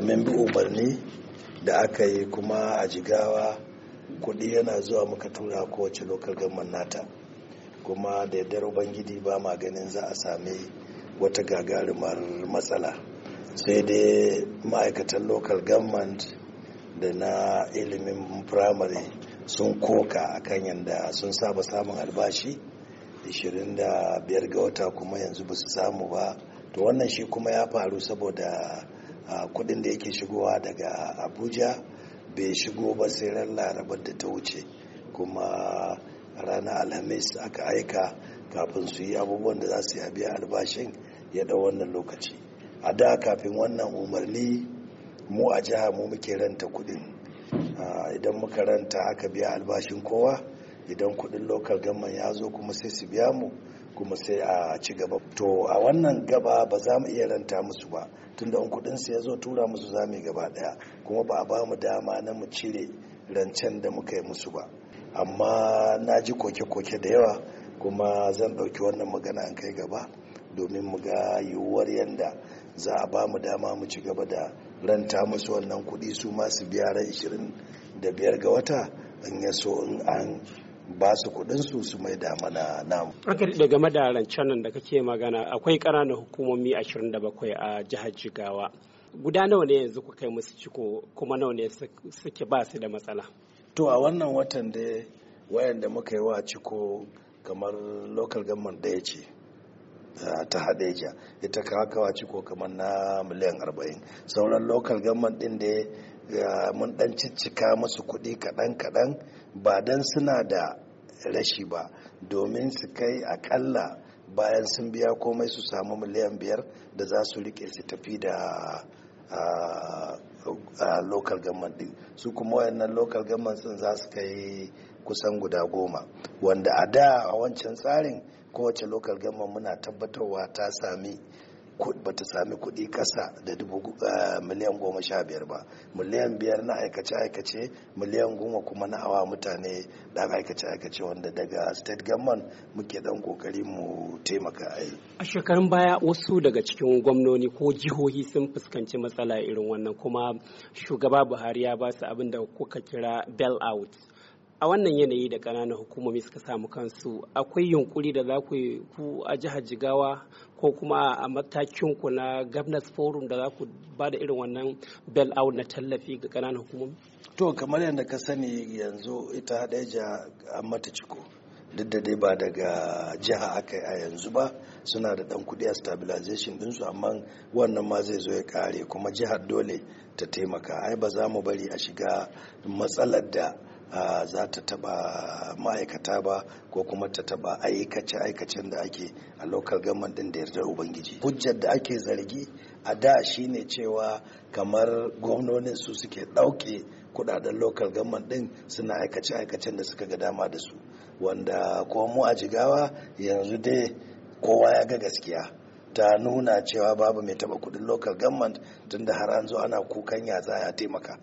min bi umarni da aka yi kuma a jigawa kuɗi yana zuwa muka tura kowace lokal gamman nata kuma da yardar ubangiji ba ma ganin za a sami wata gagarumar matsala sai dai ma'aikatan lokal government da na ilimin firamare sun koka kan yadda sun saba samun albashi 25 ga wata kuma yanzu ba su samu ba to wannan shi kuma ya faru saboda kudin da yake shigowa daga abuja bai shigo ba sai ran larabar da ta wuce kuma ranar alhamis aka aika kafin su yi abubuwan da za su yi biya albashin ya ɗau wannan lokaci a da kafin wannan umarni mu a jiha mu muke ranta kudin idan muka ranta aka biya albashin kowa idan kudin local gamman ya zo kuma sai su biya mu kuma sai a ci gaba to a wannan gaba ba za mu iya ranta musu ba tunda in kudin su ya zo tura musu za mu gaba daya kuma ba a ba mu dama na mu cire rancen da muka yi musu ba amma na ji koke-koke da yawa kuma zan ɗauki wannan magana an kai gaba domin mu ga yiwuwar yadda za a ba mu dama mu ci gaba da ranta musu wannan kuɗi su masu biya ran 25 ga wata in ya so in an ba su kudin su su mai da mana namu. da game da rancen nan da kake magana akwai ƙananan hukumomi 27 a jihar Jigawa. Guda nawa ne yanzu ku kai musu ciko kuma nawa ne suke ba su da matsala? To a wannan watan da wayanda muka yi wa ciko kamar local government da ya ce ta Hadeja ita ka haka wa ciko kamar na miliyan 40 sauran local government din da mun dan ciccika masu kuɗi kaɗan-kaɗan ba don suna da rashi ba domin su kai akalla bayan sun biya komai su samu miliyan biyar da za su rike su tafi da local government din su kuma wayannan local government sun za su kai kusan guda goma wanda a da a wancan tsarin kowace local government muna tabbatarwa ta sami ba ta sami kuɗi ƙasa da eh, miliyan goma sha biyar ba miliyan biyar na aikace-aikace miliyan goma kuma na awa mutane ɗan aikace-aikace wanda daga state government muke dan ƙoƙari mu taimaka a yi a shekarun baya wasu daga cikin gwamnoni ko jihohi sun fuskanci matsala irin wannan kuma shugaba buhari ya ba su abin da kuka kira bell out a wannan yanayi da ƙananan hukumomi suka samu kansu akwai yunkuri da za ku yi ku a jihar jigawa ko kuma a matakin ku na governors forum da za ku ba da irin wannan bell out na tallafi ga ƙananan hukumomi to kamar yadda ka sani yanzu ita ja a mata ciko duk da dai ba daga jiha aka yi a yanzu ba suna da dan kudi a stabilization dinsu amma wannan ma zai zo ya kare kuma jihar dole ta taimaka ai ba za mu bari a shiga matsalar da za ta taba ma'aikata ba ko kuma ta taba aikace aikacen da ake a lokal gaman din da yarda ubangiji hujjar da ake zargi a da shine cewa kamar gwamnonin su suke ɗauke kudaden lokal gaman din suna aikace aikacen da suka ga dama da su wanda ko a jigawa yanzu dai kowa ya ga gaskiya ta nuna cewa babu mai taba kudin local government tunda har an zo ana kukan ya za ya taimaka